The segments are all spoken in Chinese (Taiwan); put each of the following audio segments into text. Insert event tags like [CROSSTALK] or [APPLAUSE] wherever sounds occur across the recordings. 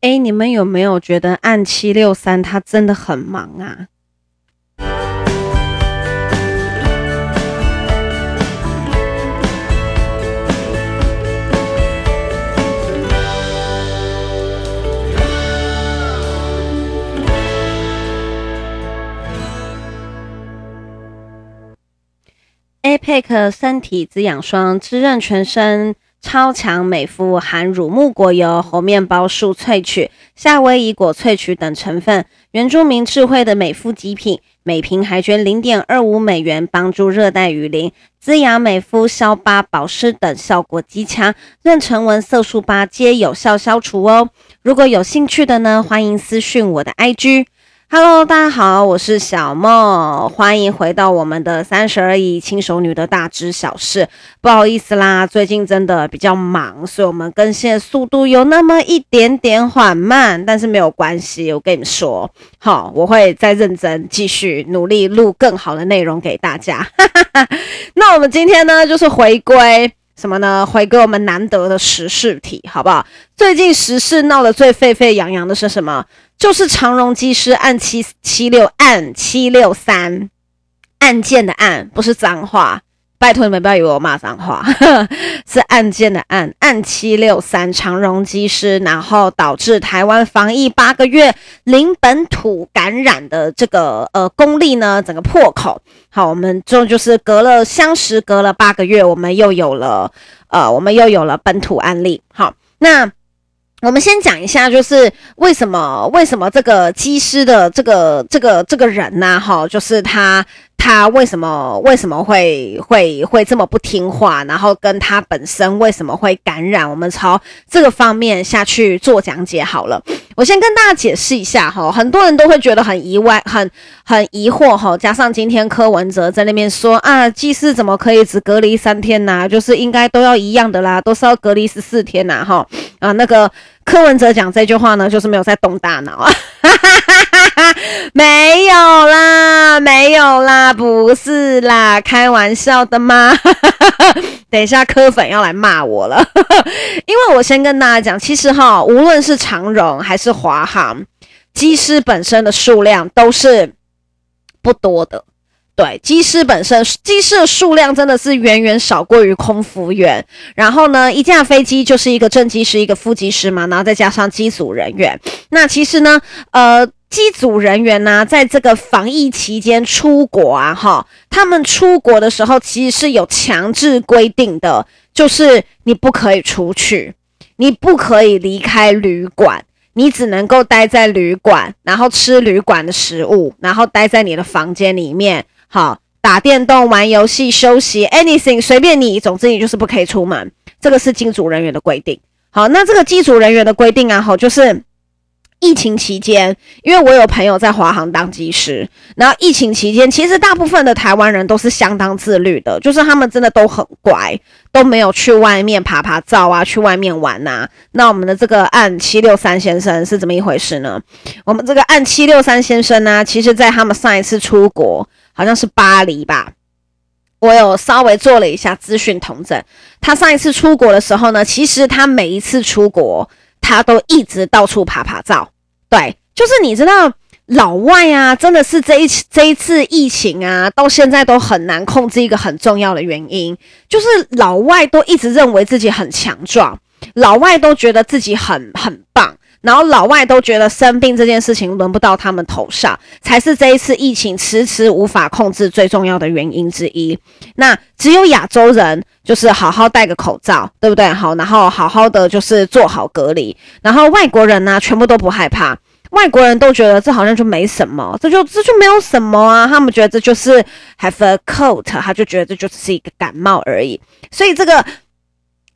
哎、欸，你們有沒有覺得案763他真的很忙啊？APEC 身體滋養霜，滋潤全身。超強美膚，含乳木果油、猴麵包樹萃取、夏威夷果萃取等成分，原住民智慧的美膚極品。每瓶還捐零點二五美元，幫助熱帶雨林。滋養美膚、消疤、保濕等效果極強，妊娠紋、色素斑皆有效消除哦。如果有興趣的呢，歡迎私訊我的 IG。哈囉，大家好，我是小莫，歡迎回到我們的三十而已，輕熟女的大知小事。不好意思啦，最近真的比較忙，所以我們更新的速度有那麼一點點緩慢，但是沒有關係。我跟你們說，好、哦，我會再認真繼續努力錄更好的內容給大家。哈哈哈，那我們今天呢，就是回歸什麼呢？回歸我們難得的時事題，好不好？最近時事鬧得最沸沸揚揚的是什麼？就是長榮機師案七七六，案七六三，案件的案，不是髒話，拜托你們不要以為我罵髒話，呵呵，是案件的案，案七六三長榮機師，然後導致台灣防疫八個月零本土感染的這個呃功力呢，整個破口。好，我們這就是隔了相識，隔了八個月，我們又有了呃，我們又有了本土案例。好，那。我們先講一下，就是為什麼為什麼這個機師的這個這個這個人呢、啊？齁，就是他。他為什麼為什麼會會會這麼不聽話？然後跟他本身為什麼會感染？我們朝這個方面下去做講解好了。我先跟大家解釋一下哈，很多人都會覺得很意外，很很疑惑哈。加上今天柯文哲在那邊說啊，機師怎麼可以只隔離三天吶，啊？就是應該都要一樣的啦，都是要隔離十四天吶哈啊。那個柯文哲講這句話呢，就是沒有在動大腦啊。 [LAUGHS] 沒有啦，沒有啦，不是啦，開玩笑的嗎？ [LAUGHS] 等一下柯粉要來罵我了， [LAUGHS] 因為我先跟大家講，其實哈，無論是長榮還是華航，機師本身的數量都是不多的。對，機師本身，機師的數量真的是遠遠少過於空服員。然後呢，一架飛機就是一個正機師，一個副機師嘛，然後再加上機組人員。那其實呢，呃，機組人員呢、啊，在這個防疫期間出國啊，哈，他們出國的時候其實是有強制規定的，就是你不可以出去，你不可以離開旅館，你只能夠待在旅館，然後吃旅館的食物，然後待在你的房間裡面。好，打電動、玩遊戲、休息，anything 隨便你，總之你就是不可以出門。這個是機組人員的規定。好，那這個機組人員的規定啊，好，就是疫情期間，因為我有朋友在華航當機師，然後疫情期間，其實大部分的台灣人都是相當自律的，就是他們真的都很乖，都沒有去外面拍拍照啊，去外面玩吶、啊。那我們的這個案七六三先生是怎麼一回事呢？我們這個案七六三先生呢、啊，其實在他們上一次出國。好像是巴黎吧，我有稍微做了一下資訊統整。他上一次出國的時候呢，其實他每一次出國，他都一直到處爬爬照。對，就是你知道老外啊，真的是這一這一次疫情啊，到現在都很難控制。一個很重要的原因就是老外都一直認為自己很強壯，老外都覺得自己很很棒。然後老外都覺得生病這件事情輪不到他們頭上，才是這一次疫情遲遲無法控制最重要的原因之一。那只有亞洲人就是好好戴個口罩，對不對？好，然後好好的就是做好隔離。然後外國人呢、啊，全部都不害怕，外國人都覺得這好像就沒什麼，這就這就沒有什麼啊。他們覺得這就是 have a cold，他就覺得這就是一個感冒而已。所以這個。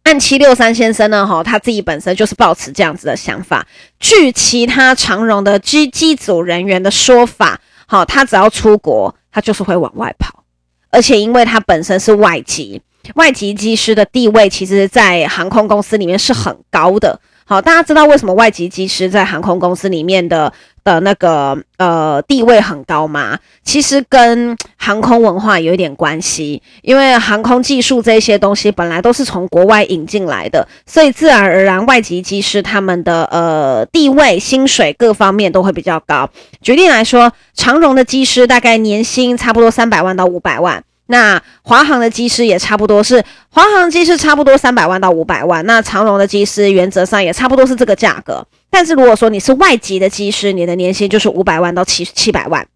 案七六三先生呢？哈、哦，他自己本身就是抱持這樣子的想法。據其他長榮的機機組人員的說法，哈、哦，他只要出國，他就是會往外跑。而且，因為他本身是外籍，外籍機師的地位，其實，在航空公司裡面是很高的。好，大家知道為什麼外籍機師在航空公司裡面的的、呃、那個呃地位很高嗎？其實跟航空文化有一點關係，因為航空技術這些東西本來都是從國外引進來的，所以自然而然外籍機師他們的呃地位、薪水各方面都會比較高。舉例來說，長榮的機師大概年薪差不多三百萬到五百萬。那華航的機師也差不多是，華航機師差不多三百萬到五百萬。那長榮的機師原則上也差不多是這個價格。但是如果說你是外籍的機師，你的年薪就是五百萬到七七百萬，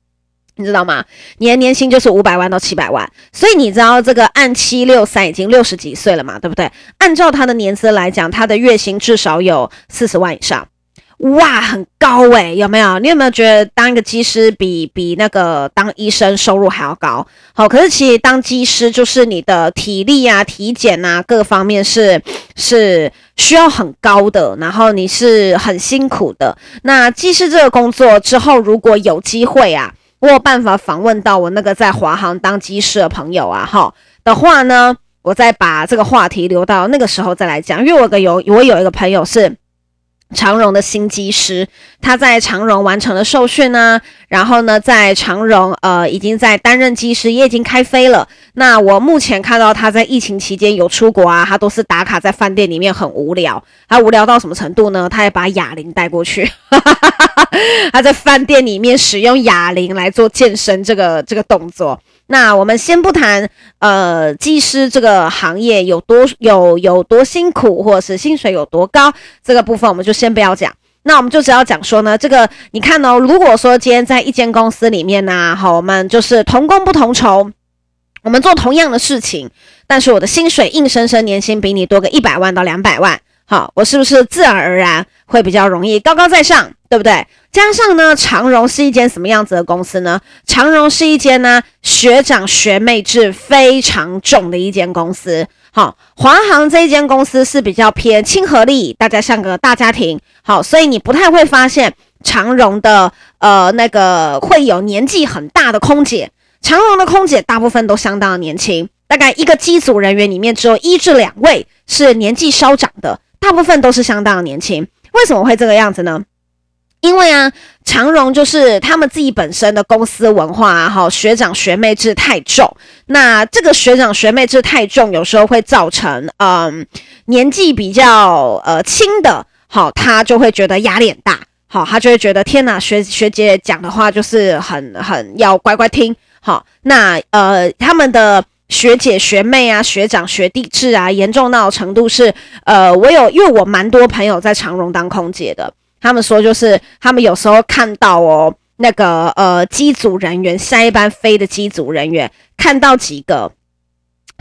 你知道嗎？你的年薪就是五百萬到七百萬。所以你知道這個，案七六三已經六十幾歲了嘛，對不對？按照他的年資來講，他的月薪至少有四十萬以上。哇，很高哎，欸，有沒有？你有沒有覺得當一個機師比比那個當醫生收入還要高？好，可是其實當機師就是你的體力啊，體檢啊，各方面是是需要很高的，然後你是很辛苦的。那機師這個工作之後，如果有機會啊，我有辦法訪問到我那個在華航當機師的朋友啊，好的話呢，我再把這個話題留到那個時候再來講，因為我有個有我有一個朋友是。長榮的新機師，他在長榮完成了受訓啊，然後呢，在長榮呃，已經在擔任機師，也已經開飛了。那我目前看到他在疫情期間有出國啊，他都是打卡在飯店裡面，很無聊。他無聊到什麼程度呢？他也把啞鈴帶過去， [LAUGHS] 他在飯店裡面使用啞鈴來做健身這個這個動作。那我們先不談，呃，機師這個行業有多有有多辛苦，或者是薪水有多高，這個部分我們就先不要講。那我們就只要講說呢，這個你看呢、哦，如果說今天在一間公司裡面呢、啊，好，我們就是同工不同酬，我們做同樣的事情，但是我的薪水硬生生年薪比你多個一百萬到兩百萬，好，我是不是自然而然？會比較容易高高在上，對不對？加上呢，長榮是一間什麼樣子的公司呢？長榮是一間呢，學長學妹制非常重的一間公司。好，華航這一間公司是比較偏親和力，大家像個大家庭。好，所以你不太會發現長榮的呃那個會有年紀很大的空姐，長榮的空姐大部分都相當的年輕，大概一個機組人員裡面只有一至兩位是年紀稍長的，大部分都是相當的年輕。為什麼會這個樣子呢？因為啊，長榮就是他們自己本身的公司文化哈、啊，學長學妹制太重。那這個學長學妹制太重，有時候會造成嗯，年紀比較呃輕的哈，他就會覺得壓力很大，好，他就會覺得天哪，學學姐講的話就是很很要乖乖聽。好，那呃，他們的。學姐學妹啊，學長學弟制啊，嚴重到的程度是，呃，我有，因為我蠻多朋友在長榮當空姐的，他們說就是他們有時候看到哦，那個呃機組人員，下一班飛的機組人員，看到幾個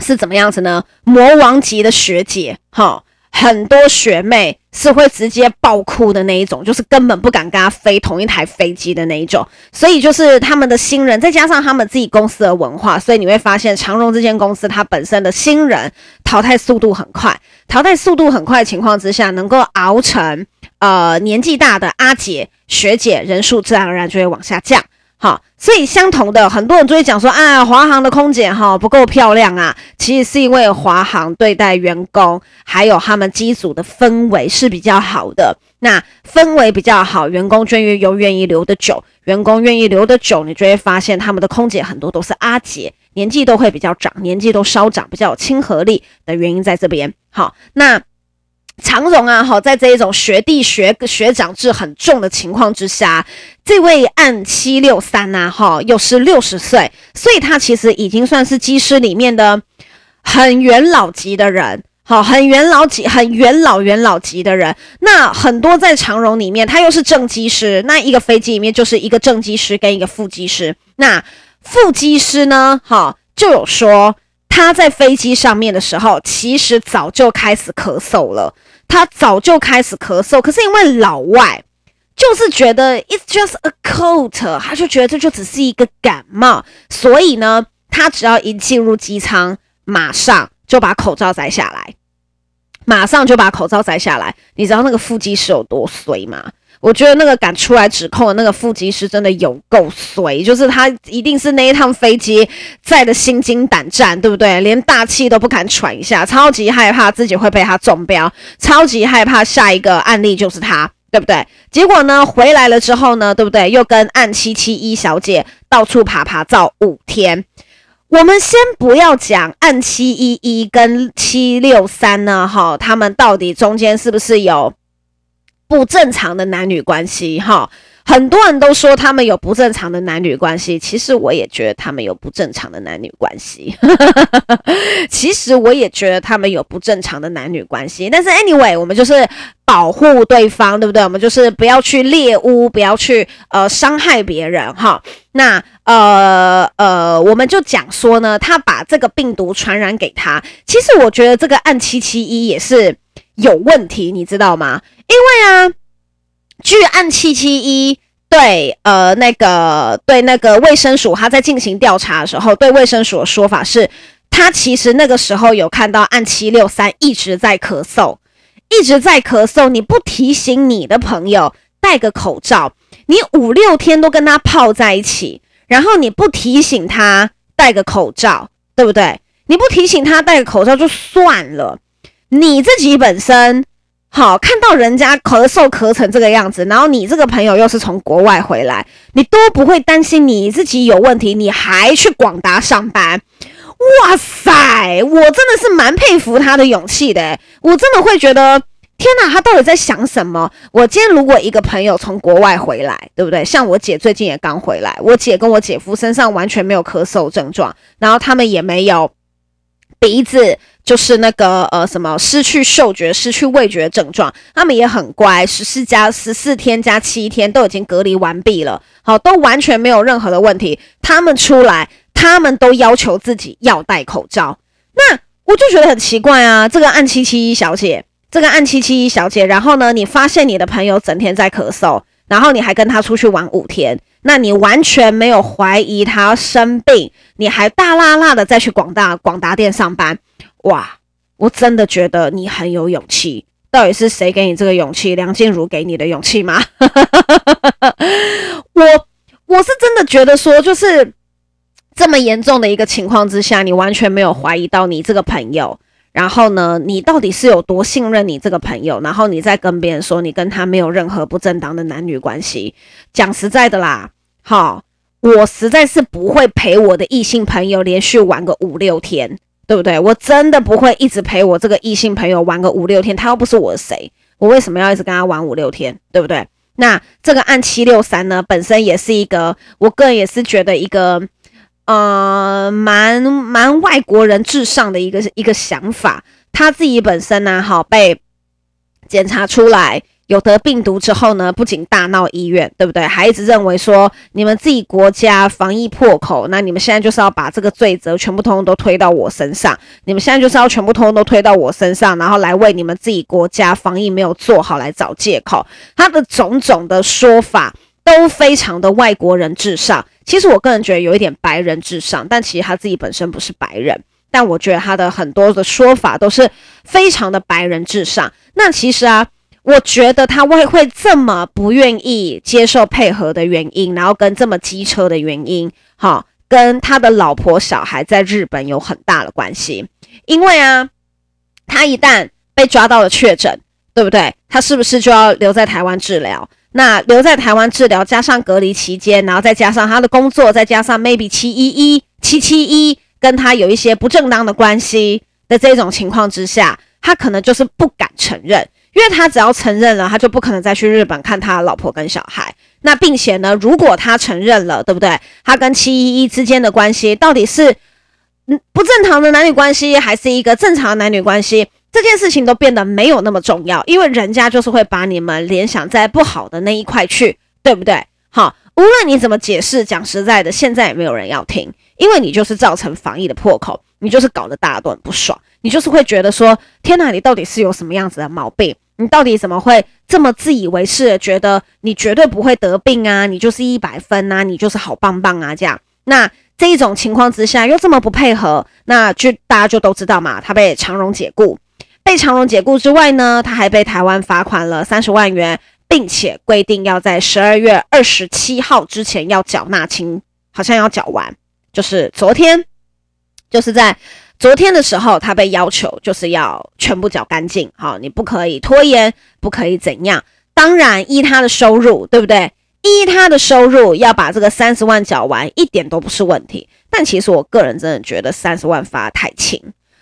是怎麼樣子呢？魔王級的學姐，哈。很多學妹是會直接爆哭的那一種，就是根本不敢跟她飛同一台飛機的那一種。所以就是他們的新人，再加上他們自己公司的文化，所以你會發現長榮這間公司它本身的新人淘汰速度很快，淘汰速度很快的情況之下，能夠熬成呃年紀大的阿姐、學姐人數自然而然就會往下降。好，所以相同的，很多人就會講說啊、哎，華航的空姐哈、哦、不夠漂亮啊。其實是因為華航對待員工還有他們機組的氛圍是比較好的，那氛圍比較好，員工就越又願意留得久，員工願意留得久，你就會發現他們的空姐很多都是阿姐，年紀都會比較長，年紀都稍長，比較有親和力的原因在這邊。好，那。長榮啊，哈，在這一種學弟學學長制很重的情況之下，這位案七六三啊，哈、哦，又是六十歲，所以他其實已經算是機師裡面的很元老級的人，好、哦，很元老級，很元老元老級的人。那很多在長榮裡面，他又是正機師，那一個飛機裡面就是一個正機師跟一個副機師。那副機師呢，哈、哦，就有說他在飛機上面的時候，其實早就開始咳嗽了。他早就開始咳嗽，可是因為老外就是覺得 it's just a cold，他就覺得這就只是一個感冒，所以呢，他只要一進入機艙，馬上就把口罩摘下來，馬上就把口罩摘下來。你知道那個副機師有多衰嗎？我覺得那個敢出來指控的那個副機師真的有夠衰，就是他一定是那一趟飛機載的心驚膽戰，對不對？連大氣都不敢喘一下，超級害怕自己會被他中標，超級害怕下一個案例就是他，對不對？結果呢，回來了之後呢，對不對？又跟案七七一小姐到處爬爬照五天。我們先不要講案七一一跟七六三呢，哈，他們到底中間是不是有？不正常的男女關係，哈，很多人都說他們有不正常的男女關係，其實我也覺得他們有不正常的男女關係。哈哈哈哈，其實我也覺得他們有不正常的男女關係，但是 anyway，我們就是保護對方，對不對？我們就是不要去獵巫，不要去呃傷害別人，哈。那呃呃，我們就講說呢，他把這個病毒傳染給他。其實我覺得這個案771也是。有問題，你知道嗎？因為啊，據案771，對，呃，那個對那個衛生署，他在進行調查的時候，對衛生署的說法是，他其實那個時候有看到案763一直在咳嗽，一直在咳嗽。你不提醒你的朋友戴個口罩，你五六天都跟他泡在一起，然後你不提醒他戴個口罩，對不對？你不提醒他戴個口罩就算了。你自己本身好看到人家咳嗽咳成這個樣子，然後你這個朋友又是從國外回來，你都不會擔心你自己有問題，你還去廣達上班，哇塞，我真的是蠻佩服他的勇氣的。我真的會覺得，天哪，他到底在想什麼？我今天如果一個朋友從國外回來，對不對？像我姐最近也剛回來，我姐跟我姐夫身上完全沒有咳嗽症狀，然後他們也沒有。鼻子就是那個呃什麼失去嗅覺、失去味覺的症狀，他們也很乖，十四加十四天加七天都已經隔離完畢了，好，都完全沒有任何的問題。他們出來，他們都要求自己要戴口罩，那我就覺得很奇怪啊。這個案七七一小姐，這個案七七一小姐，然後呢，你發現你的朋友整天在咳嗽，然後你還跟他出去玩五天，那你完全沒有懷疑他生病，你還大剌剌的再去廣大廣達店上班，哇！我真的覺得你很有勇氣。到底是誰給你這個勇氣？梁靜茹給你的勇氣嗎？ [LAUGHS] 我我是真的覺得說，就是這麼嚴重的一個情況之下，你完全沒有懷疑到你這個朋友，然後呢，你到底是有多信任你這個朋友？然後你再跟別人說你跟他沒有任何不正當的男女關係。講實在的啦。好，我實在是不會陪我的異性朋友連續玩個五六天，對不對？我真的不會一直陪我這個異性朋友玩個五六天，他又不是我的誰，我為什麼要一直跟他玩五六天，對不對？那這個案763呢，本身也是一個，我個人也是覺得一個，呃，蠻蠻外國人至上的一個一個想法。他自己本身呢、啊，好被檢查出來。有得病毒之後呢，不僅大鬧醫院，對不對？還一直認為說你們自己國家防疫破口，那你們現在就是要把這個罪責全部通通都推到我身上。你們現在就是要全部通通都推到我身上，然後來為你們自己國家防疫沒有做好來找借口。他的種種的說法都非常的外國人至上。其實我個人覺得有一點白人至上，但其實他自己本身不是白人。但我覺得他的很多的說法都是非常的白人至上。那其實啊。我覺得他會會這麼不願意接受配合的原因，然後跟這麼機車的原因，哈、哦，跟他的老婆小孩在日本有很大的關係。因為啊，他一旦被抓到了確診，對不對？他是不是就要留在台灣治療？那留在台灣治療，加上隔離期間，然後再加上他的工作，再加上 maybe 七一一七七一跟他有一些不正當的關係的這種情況之下，他可能就是不敢承認。因為他只要承認了，他就不可能再去日本看他老婆跟小孩。那並且呢，如果他承認了，對不對？他跟七一一之間的關係到底是嗯不正常的男女關係，還是一個正常的男女關係？這件事情都變得沒有那麼重要，因為人家就是會把你們聯想在不好的那一塊去，對不對？好，無論你怎麼解釋，講實在的，現在也沒有人要聽，因為你就是造成防疫的破口，你就是搞得大家都很不爽，你就是會覺得說，天哪，你到底是有什麼樣子的毛病？你到底怎麼會這麼自以為是？覺得你絕對不會得病啊？你就是一百分啊？你就是好棒棒啊？這樣，那這一種情況之下又這麼不配合？那就大家就都知道嘛。他被長榮解雇，被長榮解雇之外呢，他還被台灣罰款了三十萬元，並且規定要在十二月二十七號之前要繳納清，好像要繳完，就是昨天，就是在。昨天的時候，他被要求就是要全部繳乾淨，好、哦，你不可以拖延，不可以怎樣？當然依他的收入，對不對？依他的收入要把這個三十萬繳完，一點都不是問題。但其實我個人真的覺得三十萬罰太輕，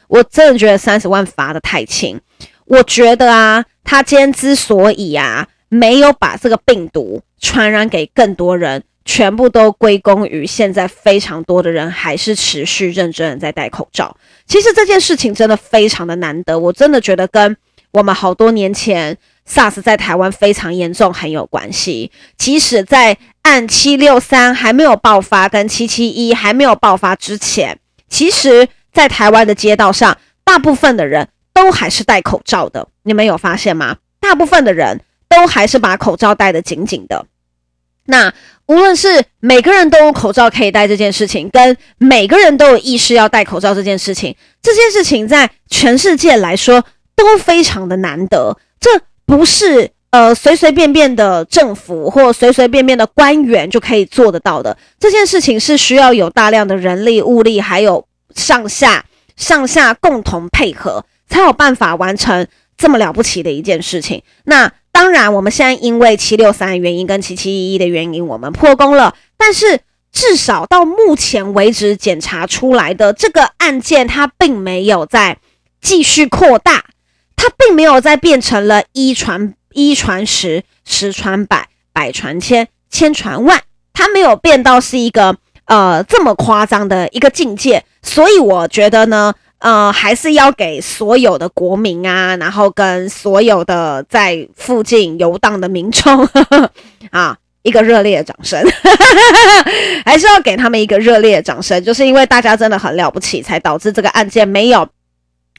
我真的覺得三十萬罰的太輕。我覺得啊，他今天之所以啊沒有把這個病毒傳染給更多人。全部都歸功於現在非常多的人還是持續認真的在戴口罩。其實這件事情真的非常的難得，我真的覺得跟我們好多年前 SARS 在台灣非常嚴重很有關係。即使在案763還沒有爆發跟771還沒有爆發之前，其實，在台灣的街道上，大部分的人都還是戴口罩的。你們有發現嗎？大部分的人都還是把口罩戴得緊緊的。那無論是每個人都有口罩可以戴這件事情，跟每個人都有意識要戴口罩這件事情，這件事情在全世界來說都非常的難得。這不是呃隨隨便便的政府或隨隨便便的官員就可以做得到的。這件事情是需要有大量的人力物力，還有上下上下共同配合，才有辦法完成這麼了不起的一件事情。那。當然，我們現在因為七六三原因跟七七一一的原因，我們破功了。但是至少到目前為止，檢查出來的這個案件，它並沒有在繼續擴大，它並沒有再變成了一傳一傳十、十傳百、百傳千、千傳萬，它沒有變到是一個呃這麼誇張的一個境界。所以我覺得呢。呃，還是要給所有的國民啊，然後跟所有的在附近遊蕩的民眾呵呵啊，一個熱烈的掌聲呵呵。還是要給他們一個熱烈的掌聲，就是因為大家真的很了不起，才導致這個案件沒有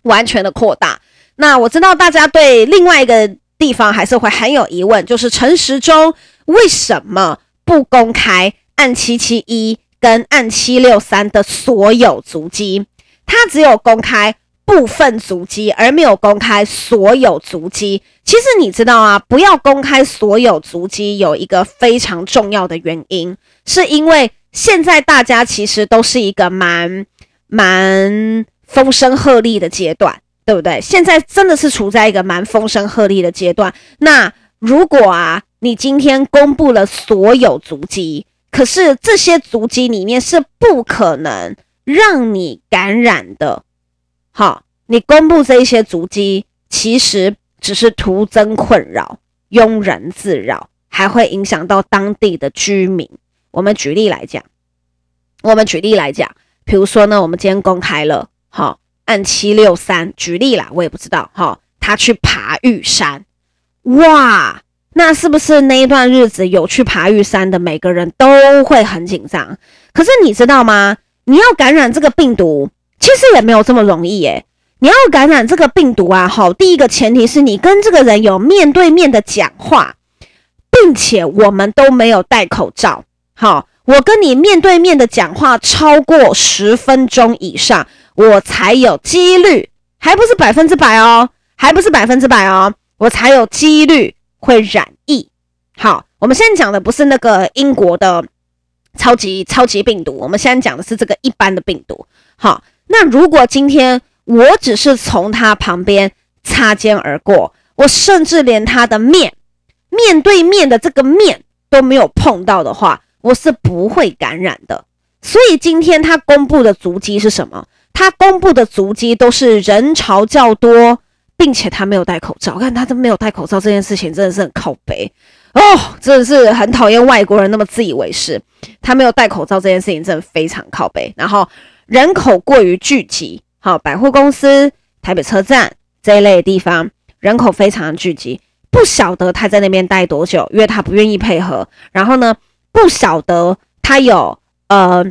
完全的擴大。那我知道大家對另外一個地方還是會很有疑問，就是陳時中為什麼不公開案七七一跟案七六三的所有足跡？他只有公開部分足跡，而沒有公開所有足跡。其實你知道啊，不要公開所有足跡，有一個非常重要的原因，是因為現在大家其實都是一個蠻蠻風聲鶴唳的階段，對不對？現在真的是處在一個蠻風聲鶴唳的階段。那如果啊，你今天公布了所有足跡，可是這些足跡裡面是不可能。讓你感染的，好、哦，你公布這一些足跡，其實只是徒增困擾，庸人自擾，還會影響到當地的居民。我們舉例來講，我們舉例來講，比如說呢，我們今天公開了，好、哦，案763舉例啦，我也不知道，好、哦，他去爬玉山，哇，那是不是那一段日子有去爬玉山的每個人都會很緊張？可是你知道嗎？你要感染這個病毒，其實也沒有這麼容易耶。你要感染這個病毒啊，好，第一個前提是你跟這個人有面對面的講話，並且我們都沒有戴口罩。好，我跟你面對面的講話超過十分鐘以上，我才有幾率，還不是百分之百哦，還不是百分之百哦，我才有幾率會染疫。好，我們現在講的不是那個英國的。超級超級病毒，我們現在講的是這個一般的病毒。好，那如果今天我只是從他旁邊擦肩而過，我甚至連他的面面對面的這個面都沒有碰到的話，我是不會感染的。所以今天他公布的足跡是什麼？他公布的足跡都是人潮較多，並且他沒有戴口罩。我看他都沒有戴口罩，這件事情真的是很靠北。哦、oh，真的是很討厭外國人那麼自以為是。他沒有戴口罩這件事情真的非常靠北。然後人口過於聚集，好，百貨公司、台北車站這一類的地方人口非常的聚集。不曉得他在那邊待多久，因為他不願意配合。然後呢，不曉得他有呃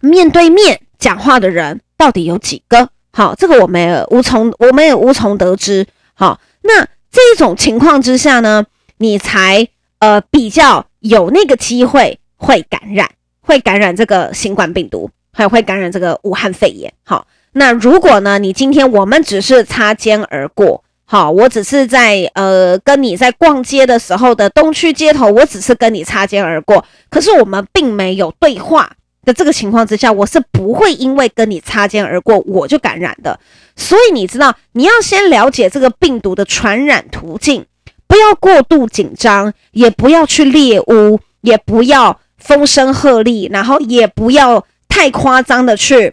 面對面講話的人到底有幾個。好，這個我們也無從，我們也無從得知。好，那這種情況之下呢？你才呃比較有那個機會會感染，會感染這個新冠病毒，還有會感染這個武漢肺炎。好，那如果呢，你今天我們只是擦肩而過，好，我只是在呃跟你在逛街的時候的東區街頭，我只是跟你擦肩而過，可是我們並沒有對話的這個情況之下，我是不會因為跟你擦肩而過我就感染的。所以你知道，你要先了解這個病毒的傳染途徑。不要過度緊張，也不要去獵巫，也不要風聲鶴唳，然後也不要太誇張的去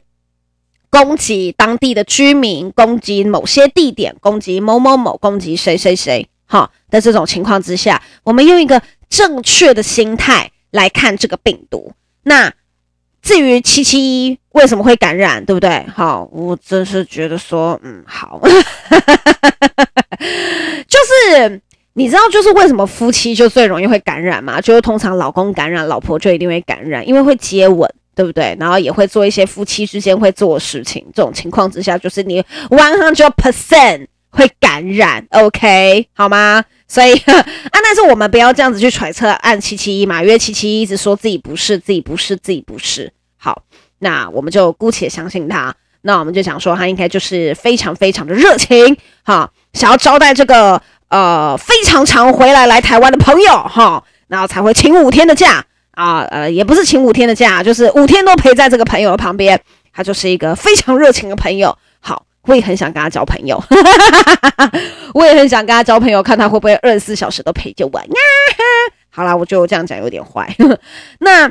攻擊當地的居民，攻擊某些地點，攻擊某某某，攻擊誰誰誰，哈，在這種情況之下，我們用一個正確的心態來看這個病毒。那至於七七一為什麼會感染，對不對？好，我真是覺得說，嗯，好， [LAUGHS] 就是。你知道就是為什麼夫妻就最容易會感染嗎？就是通常老公感染，老婆就一定會感染，因為會接吻，對不對？然後也會做一些夫妻之間會做的事情。這種情況之下，就是你 one hundred percent 會感染，OK 好嗎？所以啊，但是我們不要這樣子去揣測案七七一嘛，因為七七一一直說自己不是，自己不是，自己不是。好，那我們就姑且相信他。那我們就想說，他應該就是非常非常的熱情，哈，想要招待這個。呃，非常常回來來台灣的朋友哈，然後才會請五天的假啊，呃，呃，也不是請五天的假，就是五天都陪在這個朋友的旁邊，他就是一個非常熱情的朋友。好，我也很想跟他交朋友，呵呵呵，我也很想跟他交朋友，呵呵他朋友看他會不會二十四小時都陪着我。呀，好啦，我就這樣講有點壞呵呵。那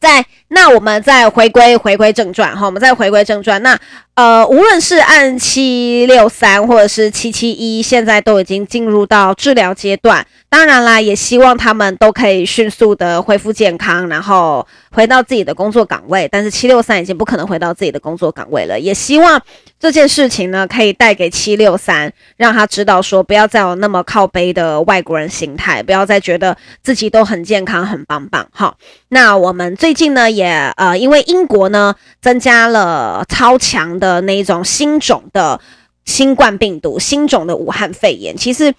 在那我們再回歸回歸正傳哈，我們再回歸正傳那。呃，無論是案七六三或者是七七一，現在都已經進入到治療階段。當然啦，也希望他們都可以迅速的恢復健康，然後回到自己的工作崗位。但是七六三已經不可能回到自己的工作崗位了。也希望這件事情呢，可以帶給七六三，讓他知道說，不要再有那麼靠背的外國人心態，不要再覺得自己都很健康、很棒棒。哈，那我們最近呢，也呃，因為英國呢，增加了超強。的那一種新種的新冠病毒，新種的武漢肺炎，其實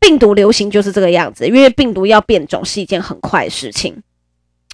病毒流行就是這個樣子，因為病毒要變種是一件很快的事情。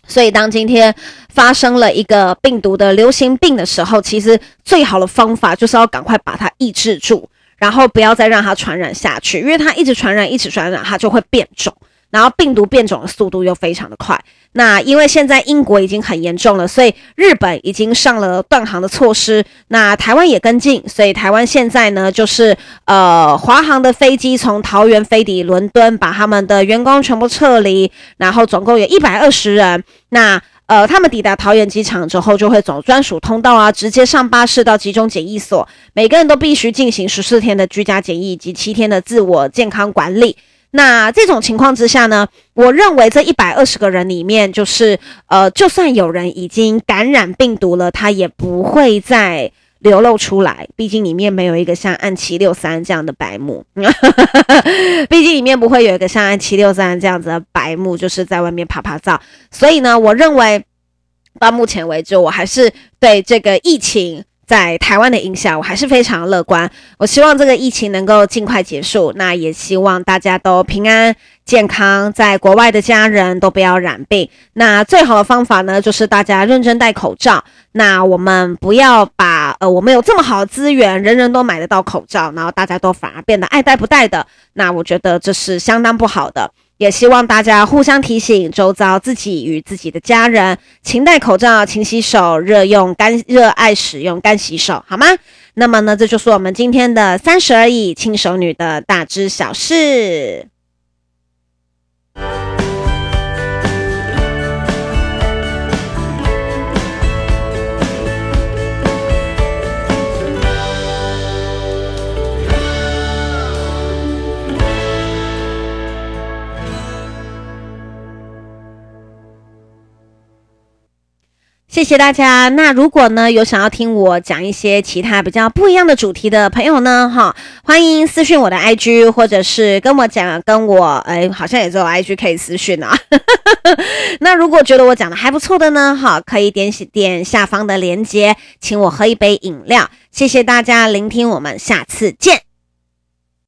所以當今天發生了一個病毒的流行病的時候，其實最好的方法就是要趕快把它抑制住，然後不要再讓它傳染下去，因為它一直傳染，一直傳染，它就會變種。然後病毒變種的速度又非常的快，那因為現在英國已經很嚴重了，所以日本已經上了斷航的措施，那台灣也跟進，所以台灣現在呢就是呃華航的飛機從桃園飛抵倫敦，把他們的員工全部撤離，然後總共有一百二十人，那呃他們抵達桃園機場之後就會走專屬通道啊，直接上巴士到集中檢疫所，每個人都必須進行十四天的居家檢疫以及七天的自我健康管理。那這種情況之下呢，我認為這一百二十個人裡面，就是呃，就算有人已經感染病毒了，他也不會再流露出來。畢竟裡面沒有一個像案七六三這樣的白目，畢 [LAUGHS] 竟裡面不會有一個像案七六三這樣子的白目，就是在外面趴趴走。所以呢，我認為到目前為止，我還是對這個疫情。在台灣的影響，我還是非常樂觀。我希望這個疫情能夠盡快結束。那也希望大家都平安健康，在國外的家人都不要染病。那最好的方法呢，就是大家認真戴口罩。那我們不要把呃，我們有這麼好的資源，人人都買得到口罩，然後大家都反而變得愛戴不戴的。那我覺得這是相當不好的。也希望大家互相提醒，周遭自己與自己的家人，勤戴口罩，勤洗手，熱用乾熱愛使用乾洗手，好嗎？那麼呢，這就是我們今天的三十而已，輕熟女的大知小事。謝謝大家。那如果呢，有想要聽我講一些其他比較不一樣的主題的朋友呢，哈，歡迎私訊我的 IG，或者是跟我講，跟我誒、哎、好像也只有 IG 可以私訊啊。 [LAUGHS] 那如果覺得我講的還不錯的呢，哈，可以點點下方的鏈接，請我喝一杯飲料。謝謝大家聆聽，我們下次見。